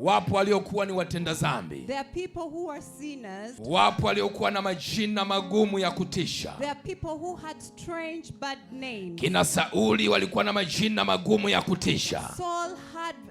Wapo waliokuwa ni watenda zambi, There are people who are sinners. Wapo waliokuwa na majina magumu ya kutisha. There are people who had strange bad names. Kina Sauli walikuwa na majina magumu ya kutisha. Saul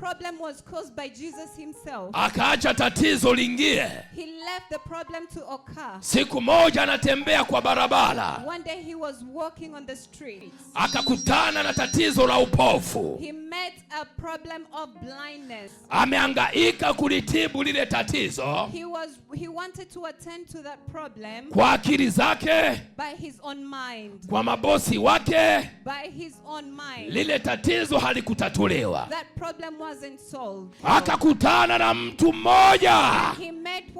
problem was caused by Jesus himself. Akaacha tatizo lingie. He left the problem to occur. Siku moja anatembea kwa barabara. One day he was walking on the street. Akakutana na tatizo la upofu. He met a problem of blindness. Ameangaika kulitibu lile tatizo. He was he wanted to attend to that problem. Kwa akili zake. By his own mind. Kwa mabosi wake. By his own mind. Lile tatizo halikutatuliwa. That problem wasn't solved. Akakutana na mtu mmoja. He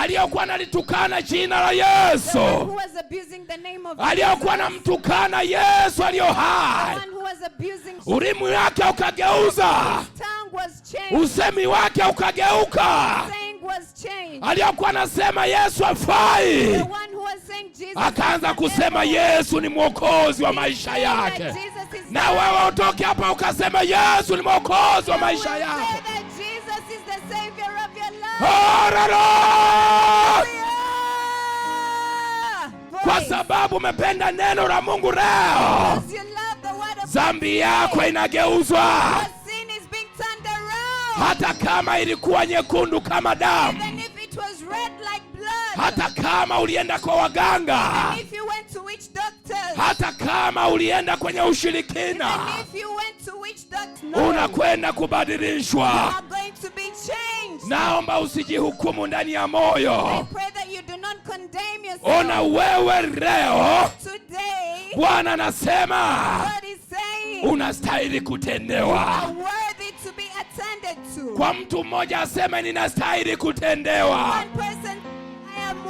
aliyokuwa analitukana jina la Yesu, aliyokuwa anamtukana Yesu aliyo hai, ulimi wake ukageuza, usemi wake ukageuka, aliyokuwa anasema Yesu afai, akaanza kusema Yesu ni mwokozi wa maisha yake. Na wewe utoke hapa ukasema Yesu ni mwokozi wa maisha yake. sababu umependa neno la Mungu leo, dhambi yako inageuzwa, hata kama ilikuwa nyekundu kama damu, hata kama ulienda kwa waganga, hata kama ulienda kwenye ushirikina, unakwenda kubadilishwa. Naomba usijihukumu ndani ya moyo. Ona wewe leo, Bwana anasema unastahili kutendewa. Kwa mtu mmoja aseme ninastahili kutendewa.